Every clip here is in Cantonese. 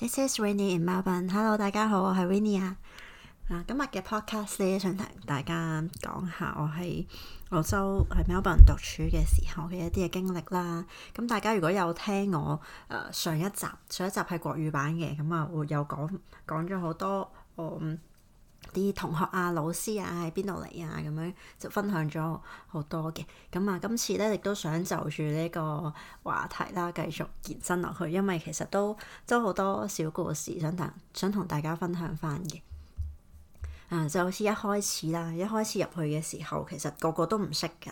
This is Winnie in Melbourne. Hello，大家好，我係 Winnie 啊。嗱，今日嘅 podcast 咧，想同大家講下我喺澳洲喺 Melbourne 獨處嘅時候嘅一啲嘅經歷啦。咁、啊、大家如果有聽我誒、呃、上一集，上一集係國語版嘅，咁啊會有講講咗好多我。嗯啲同學啊、老師啊喺邊度嚟啊？咁樣就分享咗好多嘅。咁啊，今次咧亦都想就住呢個話題啦，繼續延伸落去，因為其實都都好多小故事想大，想同大家分享翻嘅。啊，就好似一開始啦，一開始入去嘅時候，其實個個都唔識㗎。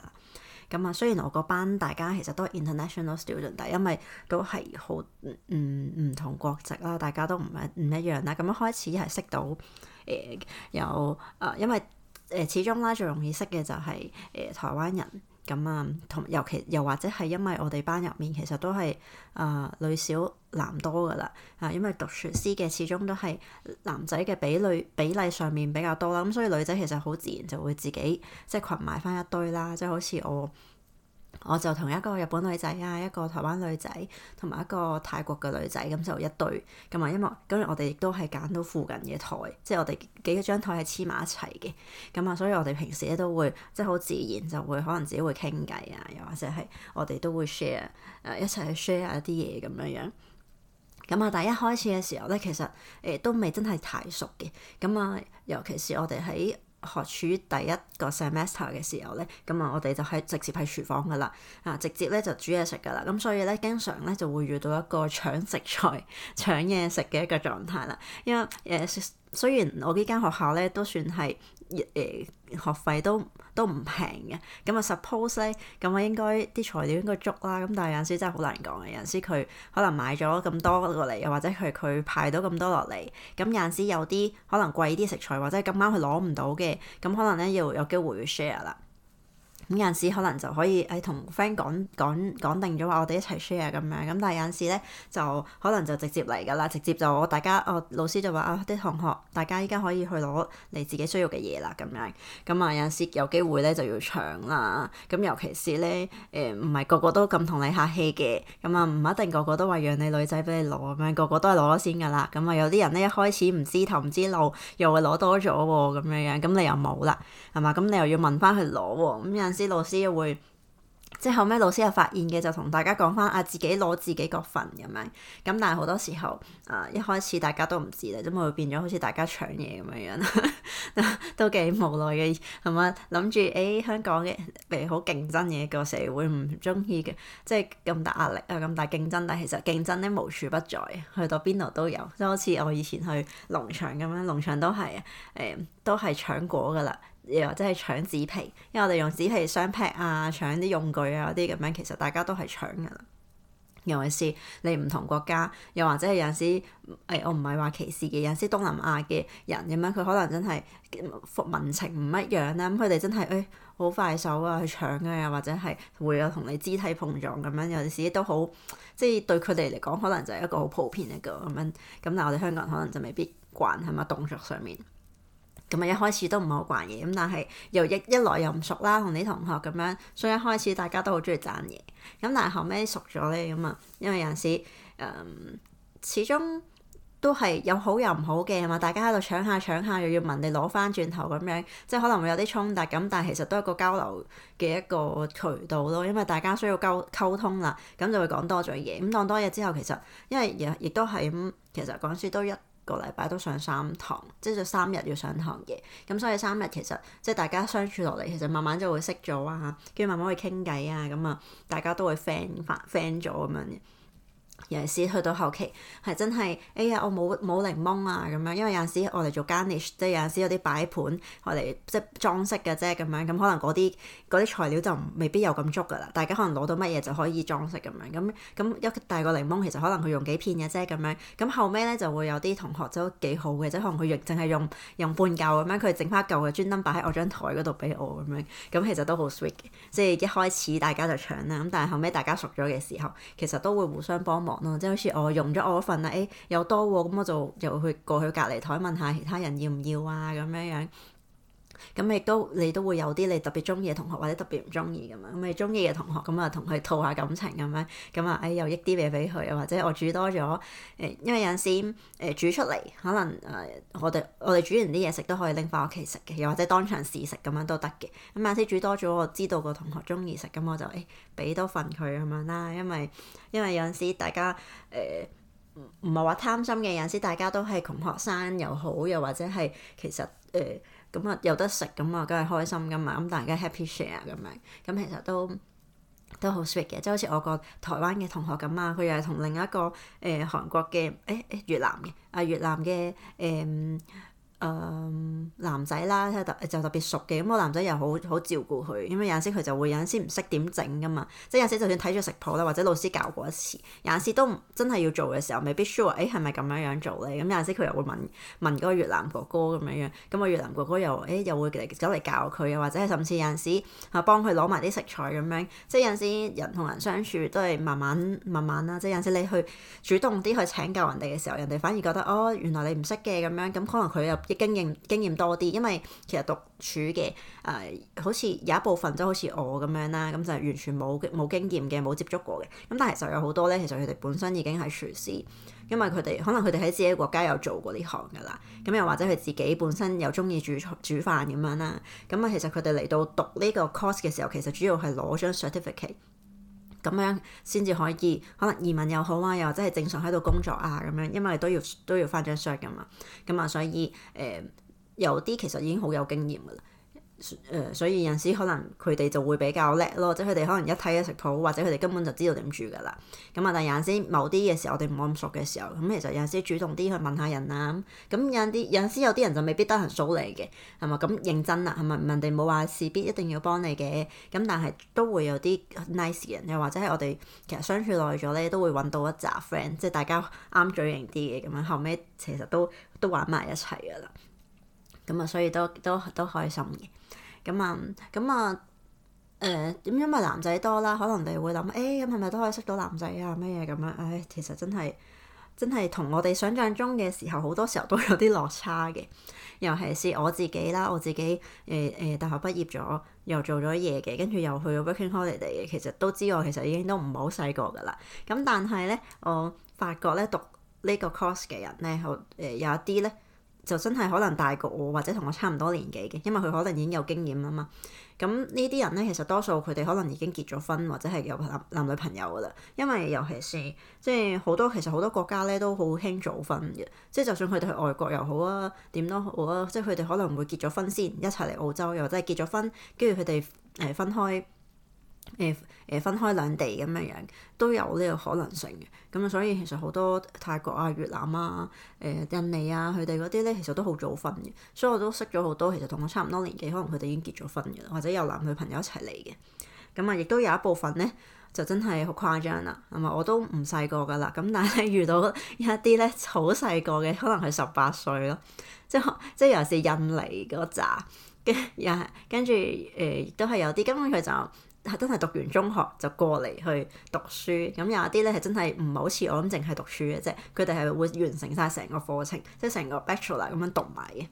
咁啊，雖然我個班大家其實都係 international student，但因為都係好唔唔同國籍啦，大家都唔唔一,一樣啦。咁一開始係識到。誒有啊，因為誒、呃、始終啦，最容易識嘅就係、是、誒、呃、台灣人咁啊，同、嗯、尤其又或者係因為我哋班入面其實都係啊、呃、女少男多噶啦啊，因為讀廚師嘅始終都係男仔嘅比例比例上面比較多啦，咁所以女仔其實好自然就會自己即係羣埋翻一堆啦，即係好似我。我就同一個日本女仔啊，一個台灣女仔，同埋一個泰國嘅女仔，咁就一對咁啊，因為咁樣我哋亦都係揀到附近嘅台，即係我哋幾個張台係黐埋一齊嘅。咁啊，所以我哋平時咧都會即係好自然就會可能自己會傾偈啊，又或者係我哋都會 share 誒一齊去 share 一啲嘢咁樣樣。咁啊，第一開始嘅時候咧，其實誒都未真係太熟嘅。咁啊，尤其是我哋喺～學處於第一個 semester 嘅時候咧，咁啊，我哋就係直接喺廚房噶啦，啊，直接咧就煮嘢食噶啦，咁所以咧，經常咧就會遇到一個搶食材、搶嘢食嘅一個狀態啦，因為誒。雖然我呢間學校咧都算係誒、呃、學費都都唔平嘅，咁啊 suppose 咧，咁我應該啲材料應該足啦。咁但有陣時真係好難講嘅，有陣時佢可能買咗咁多落嚟，又或者佢佢派到咁多落嚟，咁有陣時有啲可能貴啲食材，或者咁啱佢攞唔到嘅，咁可能咧要有機會去 share 啦。咁有陣時可能就可以誒同 friend 講講講定咗話我哋一齊 share 咁樣，咁但係有陣時咧就可能就直接嚟㗎啦，直接就大家我老師就話啊啲同學大家依家可以去攞你自己需要嘅嘢啦咁樣，咁啊有陣時有機會咧就要搶啦，咁尤其是咧誒唔係個個都咁同你客氣嘅，咁啊唔一定個個都話讓你女仔俾你攞咁樣，個個都係攞先㗎啦，咁啊有啲人咧一開始唔知頭唔知路又會攞多咗喎咁樣樣，咁你又冇啦係嘛？咁你又要問翻佢攞喎咁有。啲老師又會，即後尾老師又發現嘅，就同大家講返啊，自己攞自己嗰份咁樣。咁但係好多時候，誒、啊、一開始大家都唔知咧，咁咪變咗好似大家搶嘢咁樣樣啦， 都幾無奈嘅，係咪諗住誒香港嘅譬如好競爭嘅個社會，唔中意嘅，即係咁大壓力啊，咁大競爭，但係其實競爭咧無處不在，去到邊度都有。即好似我以前去農場咁樣，農場都係誒、欸、都係搶果噶啦。又或者係搶紙皮，因為我哋用紙皮箱劈啊，搶啲用具啊嗰啲咁樣，其實大家都係搶噶啦。尤其係，你唔同國家，又或者有陣時，誒、哎，我唔係話歧視嘅，有陣時東南亞嘅人咁樣，佢可能真係民情唔一樣啦。咁佢哋真係誒好快手啊，去搶啊，或者係會有同你肢體碰撞咁樣。有陣時都好，即係對佢哋嚟講，可能就係一個好普遍嘅一個咁樣。咁但係我哋香港人可能就未必慣喺嘛動作上面。咁咪、嗯、一開始都唔係好慣嘅，咁但係又一一來又唔熟啦，同啲同學咁樣，所以一開始大家都好鍾意爭嘢，咁但係後尾熟咗咧，咁啊，因為有陣時，嗯，始終都係有好有唔好嘅嘛，大家喺度搶，搶下搶下，又要問你攞翻轉頭咁樣，即係可能會有啲衝突，咁但係其實都係一個交流嘅一個渠道咯，因為大家需要溝溝通啦，咁就會講多咗嘢，咁講多嘢之後其，其實因為亦亦都係咁，其實講書都一個禮拜都上三堂，即就三日要上堂嘅，咁所以三日其實即大家相處落嚟，其實慢慢就會識咗啊，跟住慢慢會傾偈啊，咁啊，大家都會 friend 翻 friend 咗咁樣。有陣時去到後期係真係，哎呀我冇冇檸檬啊咁樣，Aid，因為有陣時我哋做 garnish，即係有陣時有啲擺盤，我哋即係裝飾嘅啫咁樣，咁可能嗰啲嗰啲材料就未必有咁足㗎啦。大家可能攞到乜嘢就可以裝飾咁樣，咁咁一大個檸檬其實可能佢用幾片嘅啫咁樣，咁後尾呢，就會有啲同學都幾好嘅，即係可能佢用淨係用用半嚿咁樣，佢整翻嚿就專登擺喺我張台嗰度俾我咁樣，咁其實都好 sweet。即係一開始大家就搶啦，咁但係後尾大家熟咗嘅時候，其實都會互相幫忙。即係好似我用咗我嗰份啦，誒、哎，又多喎，咁我就又去過去隔離台問下其他人要唔要啊，咁樣樣。咁亦都你都會有啲你特別中意嘅同學或者特別唔中意咁樣，咁你中意嘅同學咁啊，同佢吐下感情咁樣，咁啊，誒、哎、又益啲嘢俾佢，又或者我煮多咗誒，因為有陣時誒、呃、煮出嚟可能誒、呃、我哋我哋煮完啲嘢食都可以拎翻屋企食嘅，又或者當場試食咁樣都得嘅。咁有陣時煮多咗，我知道個同學中意食，咁我就誒俾、哎、多份佢咁樣啦。因為因為有陣時大家誒唔唔係話貪心嘅，有陣時大家都係窮學生又好，又或者係其實誒。呃咁啊有得食咁啊，梗係開心噶嘛，咁大家 happy share 咁樣，咁其實都都好 sweet 嘅，即係好似我個台灣嘅同學咁啊，佢又係同另一個誒、呃、韓國嘅誒誒越南嘅啊越南嘅誒。嗯誒、嗯、男仔啦，就特，就特別熟嘅，咁個男仔又好好照顧佢，咁有陣時佢就會有陣時唔識點整㗎嘛，即係有陣時就算睇住食譜啦，或者老師教過一次，有陣時都真係要做嘅時候，未必 sure，誒係咪咁樣樣做咧？咁有陣時佢又會問問嗰個越南哥哥咁樣樣，咁、嗰個越南哥哥又誒、欸、又會嚟走嚟教佢，或者係甚至有陣時嚇、啊、幫佢攞埋啲食材咁樣，即係有陣時人同人相處都係慢慢慢慢啦，即係有陣時你去主動啲去請教人哋嘅時候，人哋反而覺得哦原來你唔識嘅咁樣，咁可能佢又。亦經驗經驗多啲，因為其實讀廚嘅誒、呃，好似有一部分即係好似我咁樣啦，咁就完全冇冇經驗嘅，冇接觸過嘅。咁但係就有好多咧，其實佢哋本身已經係廚師，因為佢哋可能佢哋喺自己國家有做過呢行㗎啦。咁又或者佢自己本身又鍾意煮菜煮飯咁樣啦。咁其實佢哋嚟到讀呢個 course 嘅時候，其實主要係攞張 certificate。咁樣先至可以，可能移民又好啊，又或者係正常喺度工作啊，咁樣，因為都要都要翻張書㗎嘛，咁啊，所以誒、呃、有啲其實已經好有經驗㗎啦。誒，所以有陣時可能佢哋就會比較叻咯，即佢哋可能一睇嘅食譜，或者佢哋根本就知道點煮噶啦。咁啊，但有陣時某啲嘅時候，我哋唔咁熟嘅時候，咁其實有陣時主動啲去問下人啊。咁有啲有陣時有啲人就未必得閒數你嘅，係咪？咁認真啦，係咪？人哋冇話事必一定要幫你嘅。咁但係都會有啲 nice 人，又或者係我哋其實相處耐咗咧，都會揾到一紮 friend，即係大家啱嘴型啲嘅咁樣。後尾，其實都都玩埋一齊噶啦。咁啊、嗯，所以都都都開心嘅。咁、嗯、啊，咁、嗯、啊，誒、嗯，咁因為男仔多啦，可能你會諗，誒、欸，咁係咪都可以識到男仔啊？咩嘢咁樣？唉、嗯，其實真係真係同我哋想象中嘅時候，好多時候都有啲落差嘅。尤其是我自己啦，我自己誒誒，大學畢業咗，又做咗嘢嘅，跟住又去咗 working holiday 嘅，其實都知道我其實已經都唔係好細個噶啦。咁、嗯、但係咧，我發覺咧讀呢個 course 嘅人咧，我誒有一啲咧。就真係可能大過我，或者同我差唔多年紀嘅，因為佢可能已經有經驗啦嘛。咁呢啲人咧，其實多數佢哋可能已經結咗婚，或者係有男男女朋友噶啦。因為尤其是即係好多其實好多國家咧都好興早婚嘅，即就算佢哋去外國又好啊，點都好啊，即佢哋可能會結咗婚先一齊嚟澳洲，又或者係結咗婚跟住佢哋誒分開。誒誒，分開兩地咁樣樣都有呢個可能性嘅。咁、嗯、所以其實好多泰國啊、越南啊、誒、呃、印尼啊，佢哋嗰啲咧，其實都好早婚嘅。所以我都識咗好多，其實同我差唔多年紀，可能佢哋已經結咗婚嘅，或者有男女朋友一齊嚟嘅。咁、嗯、啊，亦都有一部分咧，就真係好誇張啦。咁、嗯、啊，我都唔細個噶啦。咁、嗯、但係遇到一啲咧好細個嘅，可能佢十八歲咯，即係即係尤其是印尼嗰扎跟又跟住誒，亦都係有啲根本佢就。係真係讀完中學就過嚟去讀書咁，有一啲咧係真係唔係好似我咁淨係讀書嘅啫，佢哋係會完成晒成個課程，即係成個 Bachelor 咁樣讀埋嘅。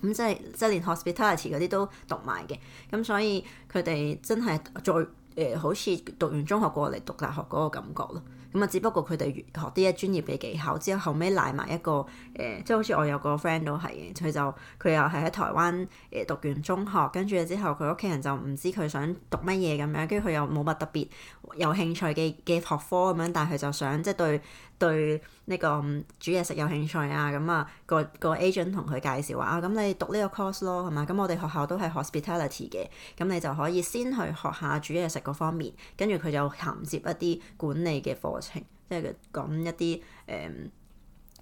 咁、即係、即係即係連 Hospitality 嗰啲都讀埋嘅。咁所以佢哋真係再。誒、呃、好似讀完中學過嚟讀大學嗰個感覺咯，咁啊只不過佢哋學啲嘅專業嘅技巧之後，後尾賴埋一個誒、呃，即係好似我有個 friend 都係嘅，佢就佢又係喺台灣誒、呃、讀完中學，跟住之後佢屋企人就唔知佢想讀乜嘢咁樣，跟住佢又冇乜特別有興趣嘅嘅學科咁樣，但係佢就想即係對。對呢、這個煮嘢食有興趣啊，咁啊個個 agent 同佢介紹話啊，咁、啊、你讀呢個 course 咯，係嘛？咁我哋學校都係 hospitality 嘅，咁你就可以先去學下煮嘢食嗰方面，跟住佢就銜接一啲管理嘅課程，即係佢講一啲誒、呃，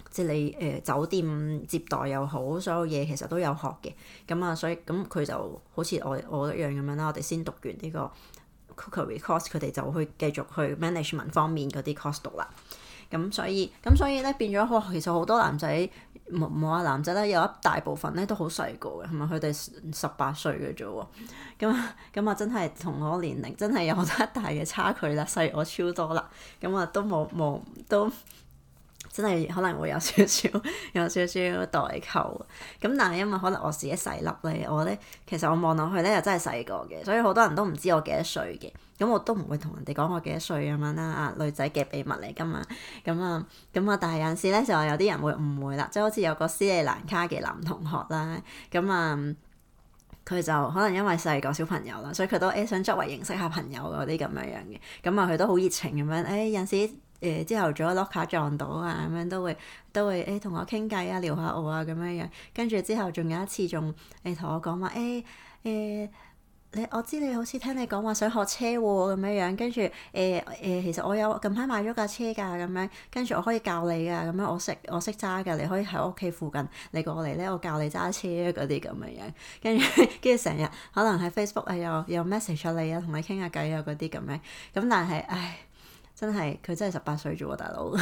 即係你誒、呃、酒店接待又好，所有嘢其實都有學嘅。咁啊，所以咁佢就好似我我一樣咁樣啦。我哋先讀完呢個 cookery course，佢哋就會繼續去 management 方面嗰啲 course 讀啦。咁所以，咁所以呢，變咗，其實好多男仔冇冇話男仔呢，有一大部分呢都好細個嘅，係咪佢哋十八歲嘅啫喎？咁啊，咁啊，真係同我年齡真係有好一大嘅差距啦，細我超多啦，咁啊都冇冇都。真係可能會有少少， 有少少代購。咁但係因為可能我自己細粒咧，我咧其實我望落去咧又真係細個嘅，所以好多人都唔知我幾多歲嘅。咁我都唔會同人哋講我幾多歲咁樣啦。啊，女仔嘅秘密嚟噶嘛，咁、嗯、啊，咁、嗯、啊、嗯。但係有陣時咧就話有啲人會誤會啦，即係好似有個斯里蘭卡嘅男同學啦，咁、嗯、啊，佢就可能因為細個小朋友啦，所以佢都誒、欸、想作為認識下朋友嗰啲咁樣樣嘅。咁、嗯、啊，佢都好熱情咁樣，誒、欸、有陣時。誒朝頭早 lock 卡撞到啊，咁樣都會都會誒同、欸、我傾偈啊，聊下我啊咁樣樣。跟住之後仲有一次仲誒同我講話誒誒，你、欸欸、我知你好似聽你講話想學車喎咁樣樣。跟住誒誒，其實我有近排買咗架車㗎咁樣。跟住我可以教你㗎，咁樣我識我識揸㗎，你可以喺屋企附近，你過嚟咧我教你揸車嗰啲咁樣樣。跟住跟住成日可能喺 Facebook 啊又又 message 你啊，同你傾下偈啊嗰啲咁樣。咁但係唉。真係佢真係十八歲咋喎，大佬！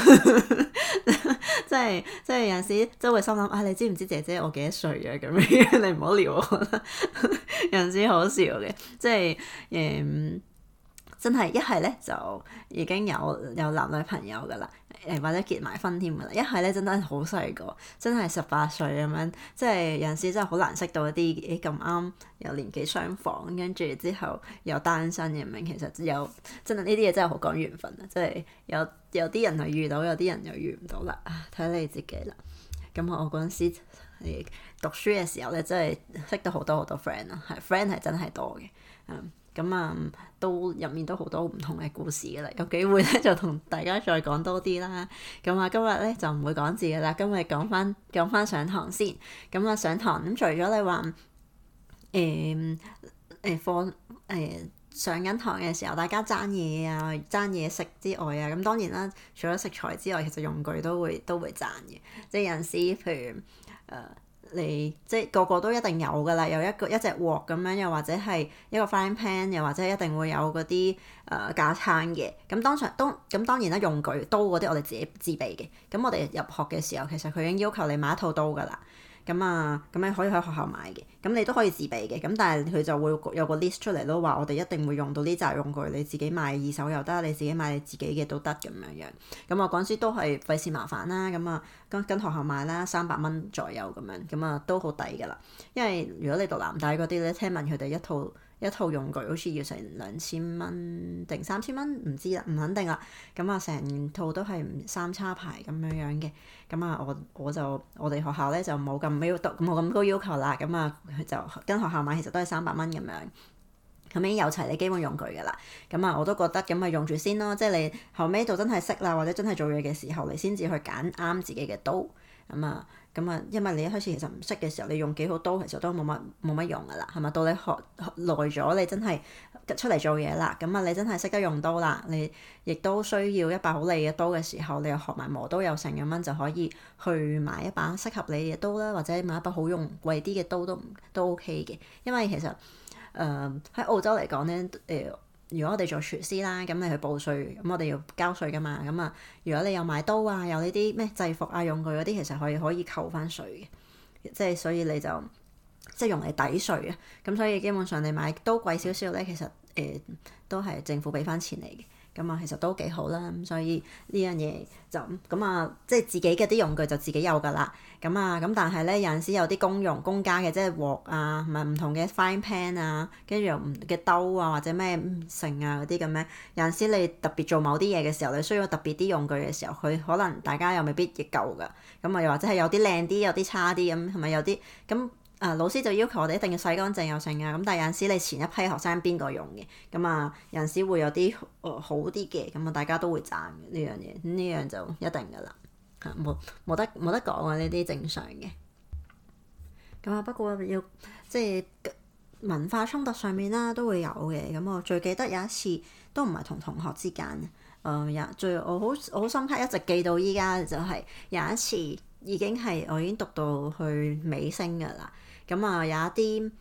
即係即係有陣時，都會心諗啊，你知唔知姐姐我幾多歲啊？咁 樣你唔好撩我， 有陣時好笑嘅，即係誒。嗯。真係一係咧就已經有有男女朋友噶啦，誒或者結埋婚添噶啦。一係咧真係好細個，真係十八歲咁樣，即係有陣時真係好難識到一啲咁啱又年紀相仿，跟住之後又單身嘅。唔係其實有真係呢啲嘢真係好講緣分啊！即係有有啲人係遇到，有啲人又遇唔到啦，睇你自己啦。咁我嗰陣時係讀書嘅時候咧，真係識到好多好多 friend 啦，係 friend 係真係多嘅，嗯。咁啊、嗯，都入面都好多唔同嘅故事噶啦，有機會咧就同大家再講多啲啦。咁、嗯、啊，今日咧就唔會講字噶啦，今日講翻講翻上堂先。咁、嗯、啊，上堂咁除咗你話誒誒放誒、欸、上緊堂嘅時候，大家爭嘢啊，爭嘢食之外啊，咁、嗯、當然啦，除咗食材之外，其實用具都會都會爭嘅，即係有時譬如誒。呃你即係個個都一定有㗎啦，有一個一隻鑊咁樣，又或者係一個 frying pan，又或者一定會有嗰啲誒架撐嘅。咁當上當咁當然啦，用具刀嗰啲我哋自己自備嘅。咁我哋入學嘅時候，其實佢已經要求你買一套刀㗎啦。咁啊，咁你可以喺學校買嘅，咁你都可以自備嘅，咁但係佢就會有個 list 出嚟咯，話我哋一定會用到呢紮用具，你自己買二手又得，你自己買你自己嘅都得咁樣樣。咁我嗰陣時都係費事麻煩啦，咁啊跟跟學校買啦，三百蚊左右咁樣，咁啊都好抵㗎啦。因為如果你讀南大嗰啲咧，聽聞佢哋一套。一套用具好似要成兩千蚊定三千蚊，唔知啦，唔肯定啦。咁啊，成套都係唔三叉牌咁樣樣嘅。咁啊，我我就我哋學校咧就冇咁要，冇咁高要求啦。咁啊，就跟學校買，其實都係三百蚊咁樣。後尾有齊你基本用具噶啦。咁啊，我都覺得咁咪用住先咯。即係你後尾到真係識啦，或者真係做嘢嘅時候，你先至去揀啱自己嘅刀咁啊。咁啊，因為你一開始其實唔識嘅時候，你用幾好刀其實都冇乜冇乜用噶啦，係咪到你學學耐咗，你真係出嚟做嘢啦，咁啊，你真係識得用刀啦，你亦都需要一把好利嘅刀嘅時候，你又學埋磨刀，有成幾蚊就可以去買一把適合你嘅刀啦，或者買一把好用貴啲嘅刀都都 OK 嘅，因為其實誒喺、呃、澳洲嚟講咧誒。呃如果我哋做廚師啦，咁你去報稅，咁我哋要交稅噶嘛，咁啊，如果你有買刀啊，有呢啲咩制服啊、用具嗰啲，其實可以可以扣翻稅嘅，即係所以你就即係用嚟抵稅啊，咁所以基本上你買刀貴少少咧，其實誒、呃、都係政府俾翻錢你嘅。咁啊，其實都幾好啦，咁所以呢樣嘢就咁啊，即係自己嘅啲用具就自己有噶啦。咁啊，咁但係咧有陣時有啲公用公家嘅，即係鑊啊，同埋唔同嘅 fine pan 啊，跟住又唔嘅兜啊或者咩唔剩啊嗰啲咁樣。有陣時你特別做某啲嘢嘅時候，你需要特別啲用具嘅時候，佢可能大家又未必夠噶。咁啊，又或者係有啲靚啲，有啲差啲咁，係咪有啲咁？誒、啊、老師就要求我哋一定要洗乾淨又剩啊！咁但係有陣時你前一批學生邊個用嘅咁啊？有陣時會有啲誒好啲嘅咁啊，大家都會讚嘅呢樣嘢，呢、嗯、樣就一定嘅啦嚇，冇冇得冇得講啊。呢啲、啊、正常嘅。咁啊，不過要即係文化衝突上面啦、啊、都會有嘅。咁我最記得有一次都唔係同同學之間誒、呃，有最我好我深刻一直記到依家就係、是、有一次已經係我已經讀到去尾聲嘅啦。咁啊、嗯，有一啲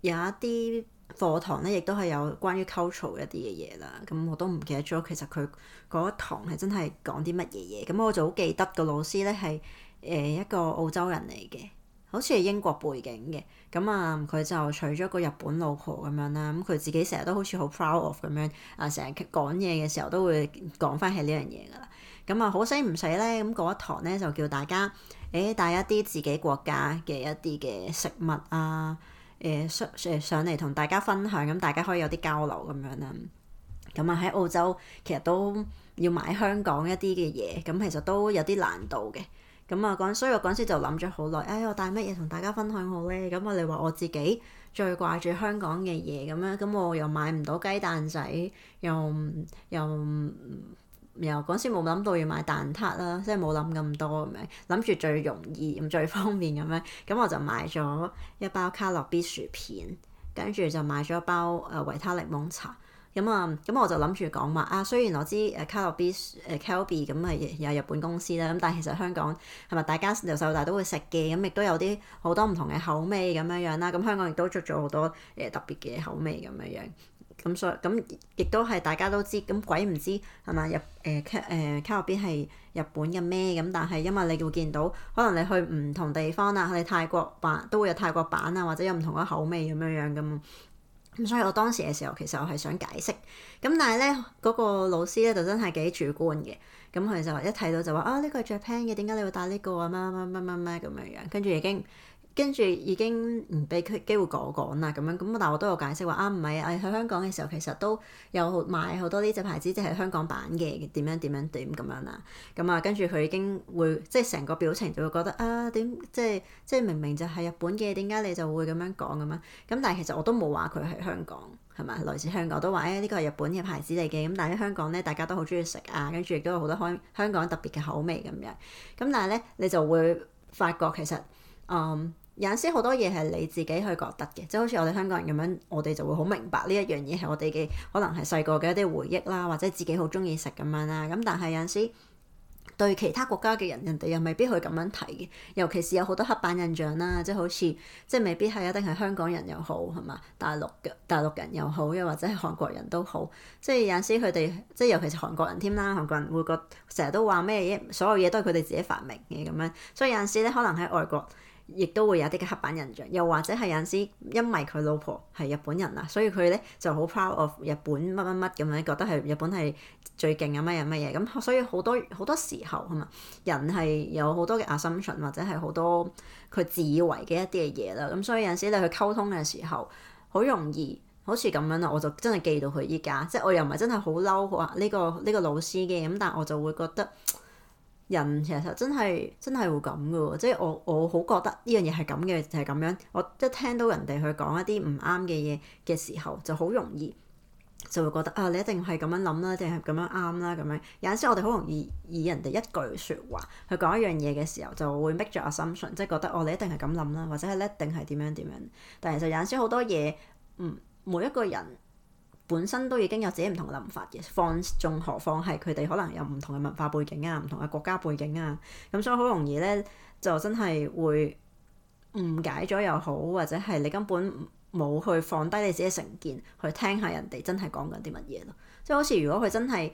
有一啲課堂咧，亦都係有關於 culture 一啲嘅嘢啦。咁、嗯、我都唔記得咗，其實佢嗰一堂係真係講啲乜嘢嘢。咁、嗯、我就好記得個老師咧係誒一個澳洲人嚟嘅，好似係英國背景嘅。咁、嗯、啊，佢、嗯、就娶咗個日本老婆咁樣啦。咁、嗯、佢、嗯、自己成日都好似好 proud of 咁樣啊，成日講嘢嘅時候都會講翻係呢樣嘢噶啦。咁、嗯、啊，好死唔死咧？咁嗰一堂咧就叫大家。誒帶一啲自己國家嘅一啲嘅食物啊，誒、呃、上上嚟同大家分享，咁大家可以有啲交流咁樣啦。咁、嗯、啊喺澳洲其實都要買香港一啲嘅嘢，咁、啊、其實都有啲難度嘅。咁啊嗰，所以我嗰陣時就諗咗好耐，誒、哎、我帶乜嘢同大家分享好咧？咁啊你話我自己最掛住香港嘅嘢咁樣，咁、啊啊啊、我又買唔到雞蛋仔，又又。嗯又嗰時冇諗到要買蛋撻啦，即係冇諗咁多咁樣，諗住最容易最方便咁樣，咁我就買咗一包卡樂 B 薯片，跟住就買咗一包誒維他力檸檬茶咁啊，咁我就諗住講話啊，雖然我知誒卡樂 B 誒、啊、Calbee 咁係有日本公司啦，咁但係其實香港係咪大家由細到大都會食嘅，咁亦都有啲好多唔同嘅口味咁樣樣啦，咁香港亦都出咗好多誒特別嘅口味咁樣樣。咁、嗯、所以咁亦都係大家都知，咁鬼唔知係咪？日誒、呃、卡誒、呃、卡入邊係日本嘅咩？咁但係因為你會見到，可能你去唔同地方啊，去泰國版都會有泰國版啊，或者有唔同嘅口味咁樣樣噶，咁所以我當時嘅時候，其實我係想解釋，咁但係咧嗰個老師咧就真係幾主觀嘅。咁佢就話一睇到就話啊，呢個係 Japan 嘅，點解你會戴呢、呢個啊？乜乜乜乜乜咁樣樣，跟住已經。跟住已經唔俾佢機會講講啦，咁樣咁，但係我都有解釋話啊，唔係，我、啊、去香港嘅時候其實都有買好多呢隻牌子，即、就、係、是、香港版嘅，點樣點樣點咁樣啦。咁啊，跟住佢已經會即係成個表情就會覺得啊，點即係即係明明就係日本嘅，點解你就會咁樣講咁啊？咁但係其實我都冇話佢係香港，係咪來自香港都話誒呢個係日本嘅牌子嚟嘅。咁但係喺香港咧，大家都好鍾意食啊，跟住亦都有好多香香港特別嘅口味咁樣。咁、啊、但係咧，你就會發覺其實嗯。有陣時好多嘢係你自己去覺得嘅，即係好似我哋香港人咁樣，我哋就會好明白呢一樣嘢係我哋嘅可能係細個嘅一啲回憶啦，或者自己好鍾意食咁樣啦。咁但係有陣時對其他國家嘅人，人哋又未必去咁樣睇嘅。尤其是有好多刻板印象啦，即係好似即係未必係一定係香港人又好係嘛？大陸嘅大陸人又好，又或者係韓國人都好，即係有陣時佢哋即係尤其是韓國人添啦。韓國人會覺成日都話咩嘢，所有嘢都係佢哋自己發明嘅咁樣，所以有陣時咧可能喺外國。亦都會有啲嘅刻板印象，又或者係有陣時因為佢老婆係日本人啊，所以佢咧就好 proud of 日本乜乜乜咁樣，覺得係日本係最勁啊乜嘢乜嘢咁，所以好多好多時候係咪人係有好多嘅 assumption 或者係好多佢自以為嘅一啲嘅嘢啦，咁、嗯、所以有陣時你去溝通嘅時候，好容易好似咁樣啦，我就真係記到佢依家，即我又唔係真係好嬲啊呢個呢、呢個老師嘅，咁但我就會覺得。人其實真係真係會咁嘅喎，即係我我好覺得呢樣嘢係咁嘅，就係咁樣。我一聽到人哋去講一啲唔啱嘅嘢嘅時候，就好容易就會覺得啊，你一定係咁樣諗啦，定係咁樣啱啦。咁樣有陣時，我哋好容易以人哋一句説話去講一樣嘢嘅時候，就會 make 咗 assumption 即係覺得哦，你一定係咁諗啦，或者係一定係點樣點樣。但係其實有陣時好多嘢，唔，每一個人。本身都已經有自己唔同嘅諗法嘅，放仲何況係佢哋可能有唔同嘅文化背景啊、唔同嘅國家背景啊，咁所以好容易咧，就真係會誤解咗又好，或者係你根本冇去放低你自己嘅成見，去聽下人哋真係講緊啲乜嘢咯。即係好似如果佢真係，誒、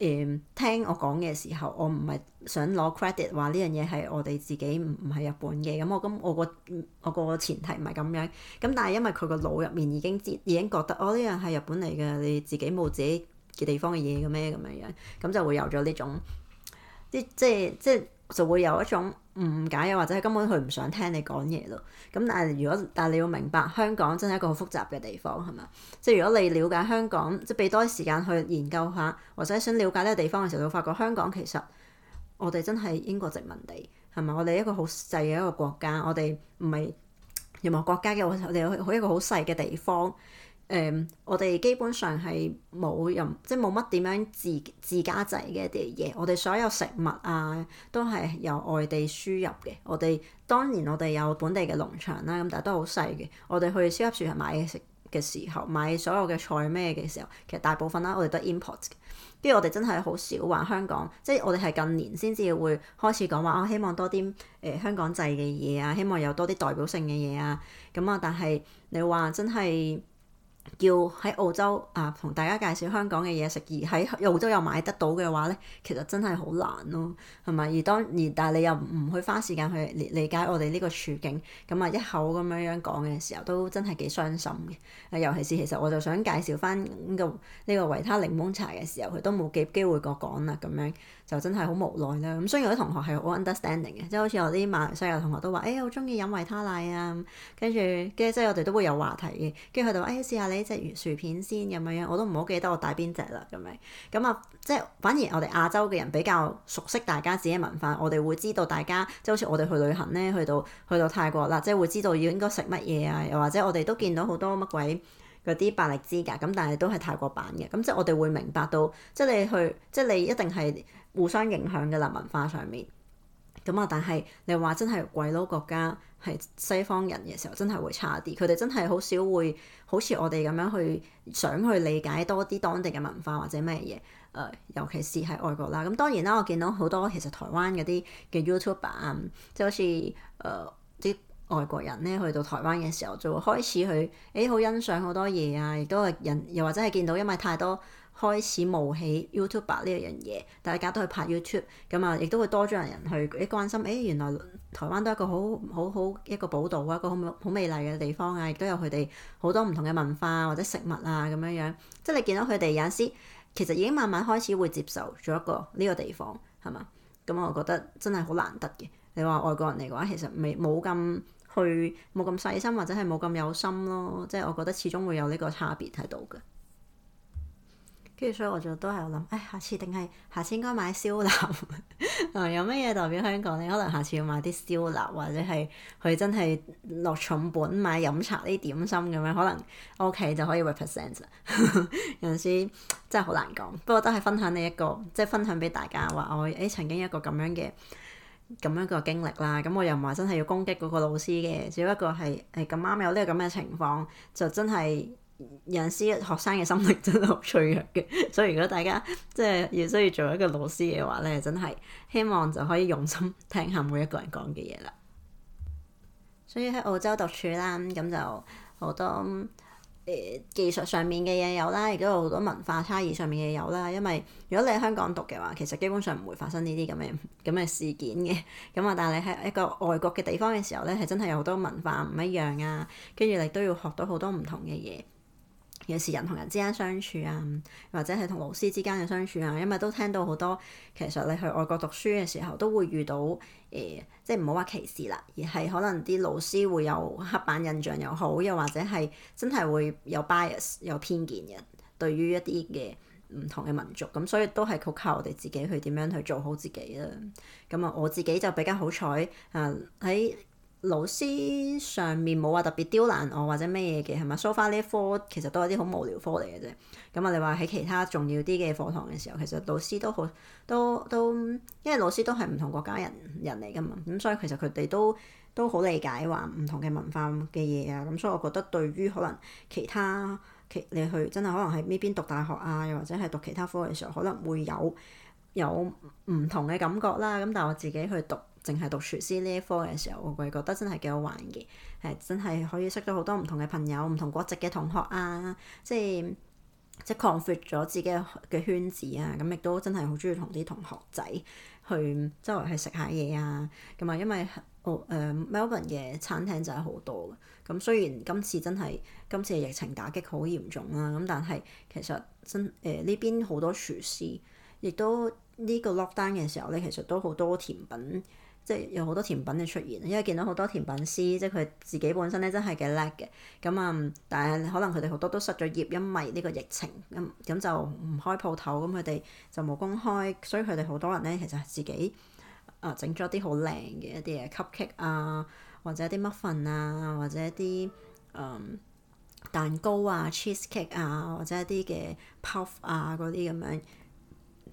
嗯、聽我講嘅時候，我唔係想攞 credit 話呢樣嘢係我哋自己唔唔係日本嘅，咁我咁我個我個前提唔係咁樣，咁但係因為佢個腦入面已經知已經覺得哦，呢樣係日本嚟嘅，你自己冇自己嘅地方嘅嘢嘅咩咁樣樣，咁就會有咗呢種即即即。即即就會有一種誤,誤解嘅，或者係根本佢唔想聽你講嘢咯。咁但係如果，但係你要明白，香港真係一個好複雜嘅地方，係嘛？即係如果你了解香港，即係俾多啲時間去研究下，或者想了解呢個地方嘅時候，你會發覺香港其實我哋真係英國殖民地，係嘛？我哋一個好細嘅一個國家，我哋唔係任何國家嘅，我哋去一個好細嘅地方。誒、嗯，我哋基本上係冇任即冇乜點樣自自家製嘅一啲嘢。我哋所有食物啊，都係由外地輸入嘅。我哋當然我哋有本地嘅農場啦、啊，咁但係都好細嘅。我哋去超級市場買嘢食嘅時候，買所有嘅菜咩嘅時候，其實大部分啦、啊，我哋都 import 嘅。跟住我哋真係好少話香港，即我哋係近年先至會開始講話，我、哦、希望多啲誒、呃、香港製嘅嘢啊，希望有多啲代表性嘅嘢啊。咁啊，但係你話真係～叫喺澳洲啊，同大家介紹香港嘅嘢食，而喺澳洲又買得到嘅話咧，其實真係好難咯，係咪？而當而但你又唔去花時間去理理解我哋呢個處境，咁啊一口咁樣樣講嘅時候，都真係幾傷心嘅，啊。尤其是其實我就想介紹翻呢個呢個維他檸檬茶嘅時候，佢都冇幾機會過講啦咁樣。就真係好無奈啦咁，雖然有啲同學係好 understanding 嘅，即係好似我啲馬來西亞同學都話：誒、欸，我鍾意飲維他奶啊，跟住，跟住即係我哋都會有話題嘅，跟住佢就話：誒，試、欸、下你呢隻薯片先咁樣樣，我都唔好記得我帶邊隻啦咁樣。咁啊，即係反而我哋亞洲嘅人比較熟悉大家自己嘅文化，我哋會知道大家，即係好似我哋去旅行咧，去到去到泰國啦，即係會知道要應該食乜嘢啊，又或者我哋都見到好多乜鬼嗰啲百力滋㗎，咁但係都係泰國版嘅，咁即係我哋會明白到，即係你去，即係你一定係。互相影響嘅啦，文化上面，咁啊，但係你話真係鬼佬國家係西方人嘅時候，真係會差啲。佢哋真係好少會好似我哋咁樣去想去理解多啲當地嘅文化或者咩嘢。誒、呃，尤其是係外國啦。咁、嗯、當然啦，我見到好多其實台灣嗰啲嘅 YouTuber 啊、嗯，即好似誒啲外國人咧，去到台灣嘅時候就會開始去誒好、欸、欣賞好多嘢啊，亦都係人又或者係見到因為太多。開始冒起 YouTube 呢一樣嘢，大家都去拍 YouTube 咁啊，亦都會多咗人去啲關心。誒、哎，原來台灣都係一個好好好一個寶島啊，一個好美好美麗嘅地方啊，亦都有佢哋好多唔同嘅文化或者食物啊咁樣樣。即你見到佢哋有時，其實已經慢慢開始會接受咗一個呢個地方，係嘛？咁我覺得真係好難得嘅。你話外國人嚟嘅話，其實未冇咁去冇咁細心或者係冇咁有心咯。即我覺得始終會有呢個差別喺度嘅。跟住，所以我就都係我諗，誒、哎、下次定係下次應該買燒臘啊、 嗯？有乜嘢代表香港咧？可能下次要買啲燒臘，或者係去真係落重本買飲茶啲點心咁樣，可能 O、OK、K 就可以 represent 啦。 有陣時真係好難講，不過都係分享你一個，即係分享俾大家話我誒、欸、曾經一個咁樣嘅咁樣個經歷啦。咁我又唔係話真係要攻擊嗰個老師嘅，只不過係誒咁啱有呢、這個咁嘅情況，就真係。老師嘅學生嘅心靈真係好脆弱嘅，所以如果大家即係要需要做一個老師嘅話咧，真係希望就可以用心聽下每一個人講嘅嘢啦。所以喺澳洲讀書啦，咁就好多誒、呃、技術上面嘅嘢有啦，亦都有好多文化差異上面嘅嘢有啦。因為如果你喺香港讀嘅話，其實基本上唔會發生呢啲咁嘅咁嘅事件嘅咁啊。但係你喺一個外國嘅地方嘅時候咧，係真係有好多文化唔一樣啊，跟住你都要學到好多唔同嘅嘢。有時人同人之間相處啊，或者係同老師之間嘅相處啊，因為都聽到好多其實你去外國讀書嘅時候都會遇到誒、呃，即係唔好話歧視啦，而係可能啲老師會有刻板印象又好，又或者係真係會有 bias 有偏見嘅對於一啲嘅唔同嘅民族，咁所以都係靠靠我哋自己去點樣去做好自己啦。咁啊，我自己就比較好彩啊喺，呃老師上面冇話特別刁難我或者咩嘢嘅係咪？so far 呢一科其實都係啲好無聊科嚟嘅啫。咁、嗯、啊，你話喺其他重要啲嘅課堂嘅時候，其實老師都好都都，因為老師都係唔同國家人人嚟㗎嘛。咁、嗯、所以其實佢哋都都好理解話唔同嘅文化嘅嘢啊。咁、嗯、所以我覺得對於可能其他其你去真係可能喺呢邊讀大學啊，又或者係讀其他科嘅時候，可能會有有唔同嘅感覺啦。咁但係我自己去讀。淨係讀廚師呢一科嘅時候，我會覺得真係幾好玩嘅，係真係可以識到好多唔同嘅朋友、唔同國籍嘅同學啊，即係即係擴闊咗自己嘅圈子啊。咁亦都真係好中意同啲同學仔去周圍去食下嘢啊。咁啊，因為澳、哦呃、Melbourne 嘅餐廳就係好多。咁雖然今次真係今次嘅疫情打擊好嚴重啦、啊，咁但係其實真誒呢邊好多廚師亦都呢個 lockdown 嘅時候咧，其實都好多甜品。即係有好多甜品嘅出現，因為見到好多甜品師，即係佢自己本身咧，真係幾叻嘅咁啊。但係可能佢哋好多都失咗業，因為呢個疫情咁咁就唔開鋪頭，咁佢哋就冇工開，所以佢哋好多人咧其實係自己啊整咗啲好靚嘅一啲嘢，cupcake 啊，或者啲 muffin 啊，或者啲誒蛋糕啊、cheesecake 啊，或者一啲嘅 puff 啊嗰啲咁樣，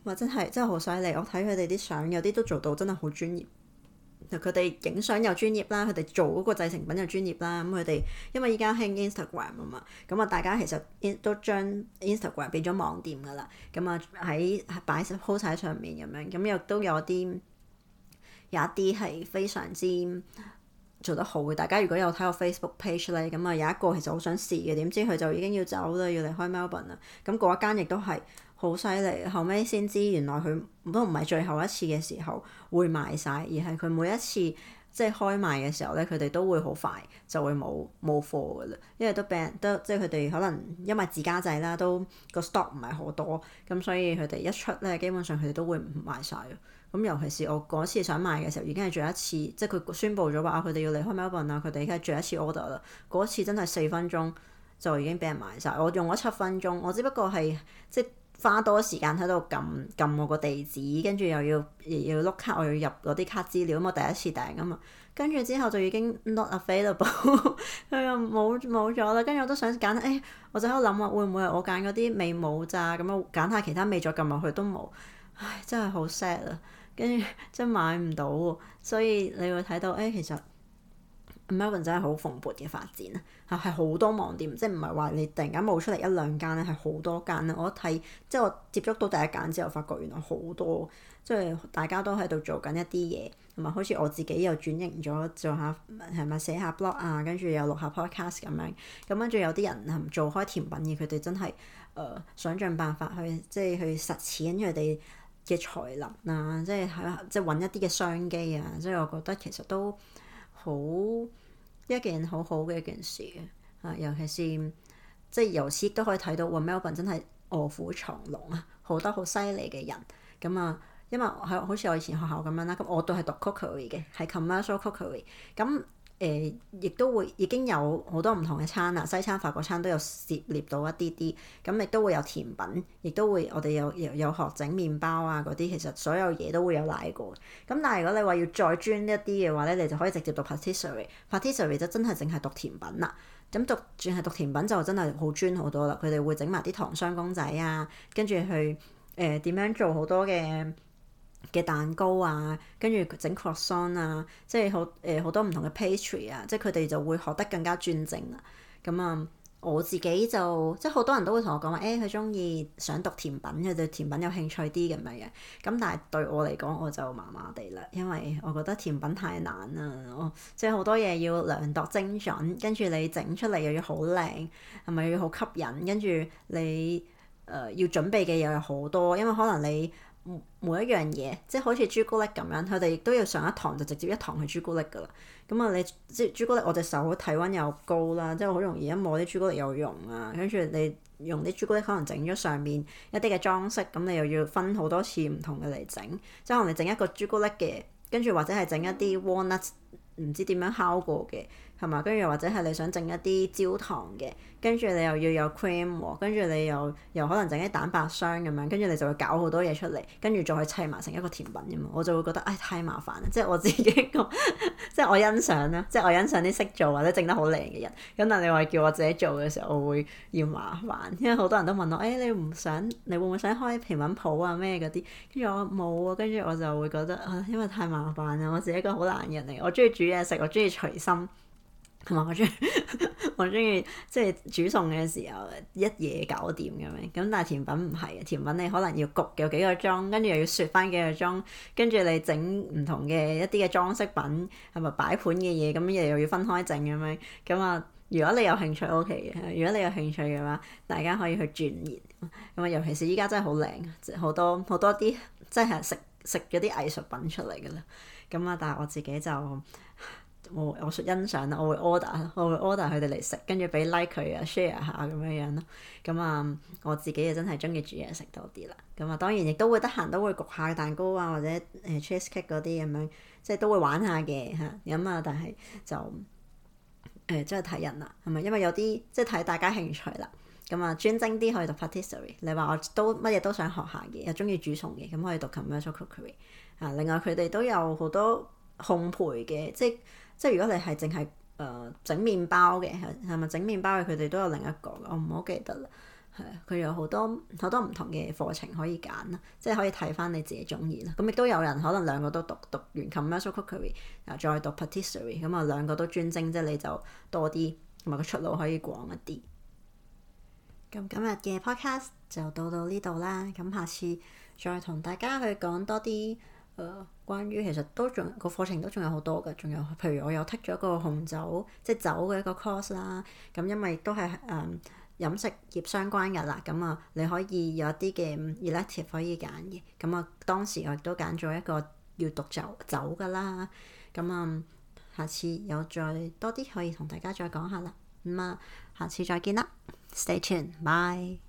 或者係、嗯啊啊啊、真係好犀利。我睇佢哋啲相，有啲都做到真係好專業。佢哋影相又專業啦，佢哋做嗰個製成品又專業啦。咁佢哋因為依家興 Instagram 啊嘛，咁啊大家其實 in 都將 Instagram 變咗網店噶啦。咁啊喺擺 pose 喺上面咁樣，咁又都有啲有一啲係非常之做得好嘅。大家如果有睇過 Facebook page 咧，咁啊有一個其實好想試嘅，點知佢就已經要走啦，要離開 Melbourne 啦。咁嗰一間亦都係。好犀利，後尾先知原來佢都唔係最後一次嘅時候會賣晒，而係佢每一次即係開賣嘅時候咧，佢哋都會好快就會冇冇貨㗎啦。因為都俾人都即係佢哋可能因為自家製啦，都個 stock 唔係好多，咁所以佢哋一出咧，基本上佢哋都會唔賣晒。咁尤其是我嗰次想買嘅時候，已經係最後一次，即係佢宣佈咗話佢哋要離開 Melbourne 啊，佢哋而家係最後一次 order 啦。嗰次真係四分鐘就已經俾人買晒。我用咗七分鐘，我只不過係即係。花多時間喺度撳撳我個地址，跟住又要又要碌卡，我要入嗰啲卡資料，咁我第一次訂啊嘛，跟住，嗯，之後就已經 not available，佢又冇冇咗啦，跟住我都想揀，誒、哎，我就喺度諗啊，會唔會我揀嗰啲未冇咋，咁樣揀下其他未再撳落去都冇，唉，真係好 sad 啊，跟住真買唔到喎，所以你會睇到誒、哎，其實。Melvin 真係好蓬勃嘅發展啊！嚇係好多網店，即係唔係話你突然間冒出嚟一兩間咧，係好多間咧。我睇即係我接觸到第一間之後，發覺原來好多，即係大家都喺度做緊一啲嘢，同埋好似我自己又轉型咗做下係咪寫下 blog 啊，跟住又錄下 podcast 咁樣。咁跟住有啲人做開甜品嘅，佢哋真係誒、呃、想盡辦法去即係去實踐佢哋嘅才能啊！即係喺即係揾一啲嘅商機啊！即係我覺得其實都。好一件好好嘅一件事啊！尤其是即係由此都可以睇到，Well Melbourne 真係臥虎藏龍啊，好多好犀利嘅人咁啊！因為係好似我以前學校咁樣啦，咁、啊、我都係讀 cookery 嘅，係 commercial cookery 咁、啊。啊誒，亦都會已經有好多唔同嘅餐啦，西餐、法國餐都有涉獵到一啲啲，咁亦都會有甜品，亦都會我哋有有有學整麵包啊嗰啲，其實所有嘢都會有奶過。咁但係如果你話要再專一啲嘅話咧，你就可以直接讀 pastry，pastry 就真係淨係讀甜品啦。咁讀淨係讀，讀甜品就真係好專好多啦。佢哋會整埋啲糖霜公仔啊，跟住去誒點、呃、樣做好多嘅。嘅蛋糕啊，跟住整 croissant 啊，即係好誒好、呃、多唔同嘅 pastry 啊，即係佢哋就會學得更加專精啦、啊。咁啊，我自己就即係好多人都會同我講話，誒佢中意想讀甜品，佢對甜品有興趣啲咁樣樣。咁但係對我嚟講，我就麻麻地啦，因為我覺得甜品太難啦、啊。我即係好多嘢要量度精準，跟住你整出嚟又要好靚，係咪要好吸引？跟住你誒、呃、要準備嘅嘢又好多，因為可能你。每一樣嘢，即好似朱古力咁樣，佢哋亦都要上一堂，就直接一堂係朱古力噶啦。咁啊，你即朱古力，我隻手體温又高啦，即好容易一摸啲朱古力又融啊。跟住你用啲朱古力可能整咗上面一啲嘅裝飾，咁你又要分好多次唔同嘅嚟整。即係我哋整一個朱古力嘅，跟住或者係整一啲 walnuts 唔知點樣烤過嘅。係嘛？跟住又或者係你想整一啲焦糖嘅，跟住你又要有 cream 喎，跟住你又又可能整啲蛋白霜咁樣，跟住你就會搞好多嘢出嚟，跟住再去砌埋成一個甜品咁啊！我就會覺得唉、哎、太麻煩啦，即係我自己一個， 即係我欣賞啦，即係我欣賞啲識做或者整得好靚嘅人。咁但係你話叫我自己做嘅時候，我會嫌麻煩，因為好多人都問我，誒、哎、你唔想，你會唔會想開甜品鋪啊咩嗰啲？跟住我冇啊，跟住我就會覺得啊、哎，因為太麻煩啦，我自己一個好懶嘅人嚟，我中意煮嘢食，我中意隨心。同埋 我中意我中意即係煮餸嘅時候一嘢搞掂咁樣，咁但係甜品唔係啊！甜品你可能要焗有幾個鐘，跟住又要雪翻幾個鐘，跟住你整唔同嘅一啲嘅裝飾品，係咪擺盤嘅嘢？咁又又要分開整咁樣。咁、嗯、啊，如果你有興趣 OK，如果你有興趣嘅話，大家可以去鑽研。咁、嗯、啊，尤其是依家真係好靚，好多好多啲即係食食咗啲藝術品出嚟噶啦。咁、嗯、啊，但係我自己就～哦、我我欣賞啦，我會 order，我會 order 佢哋嚟食，跟住俾 like 佢啊，share 下咁樣樣咯。咁、嗯、啊，我自己就真係中意煮嘢食多啲啦。咁、嗯、啊，當然亦都會得閒都會焗下蛋糕啊，或者誒 cheesecake 嗰啲咁樣，即係都會玩下嘅嚇。咁、嗯、啊，但係就誒真係睇人啦，係、嗯、咪？因為有啲即係睇大家興趣啦。咁、嗯、啊，專精啲可以讀 patisserie，你話我都乜嘢都想學下嘅，又中意煮餸嘅，咁可以讀 commercial cookery。啊、嗯，另外佢哋都有好多。烘焙嘅，即即如果你係淨係誒整麵包嘅，係咪整麵包嘅？佢哋都有另一個，我唔係好記得啦。係啊，佢有好多好多唔同嘅課程可以揀啦，即係可以睇翻你自己中意啦。咁亦都有人可能兩個都讀，讀完 commercial cookery 啊，再讀 patisserie，咁啊兩個都專精，即係你就多啲同埋個出路可以廣一啲。咁今日嘅 podcast 就到到呢度啦。咁下次再同大家去講多啲誒。關於其實都仲個課程都仲有好多㗎，仲有譬如我有剔咗一個紅酒，即係酒嘅一個 course 啦，啊。咁因為都係誒、嗯、飲食業相關嘅啦，咁啊你可以有一啲嘅 elective 可以揀嘅。咁啊當時我亦都揀咗一個要讀酒酒嘅啦。咁啊下次有再多啲可以同大家再講下啦。咁啊下次再見啦，stay tuned，bye。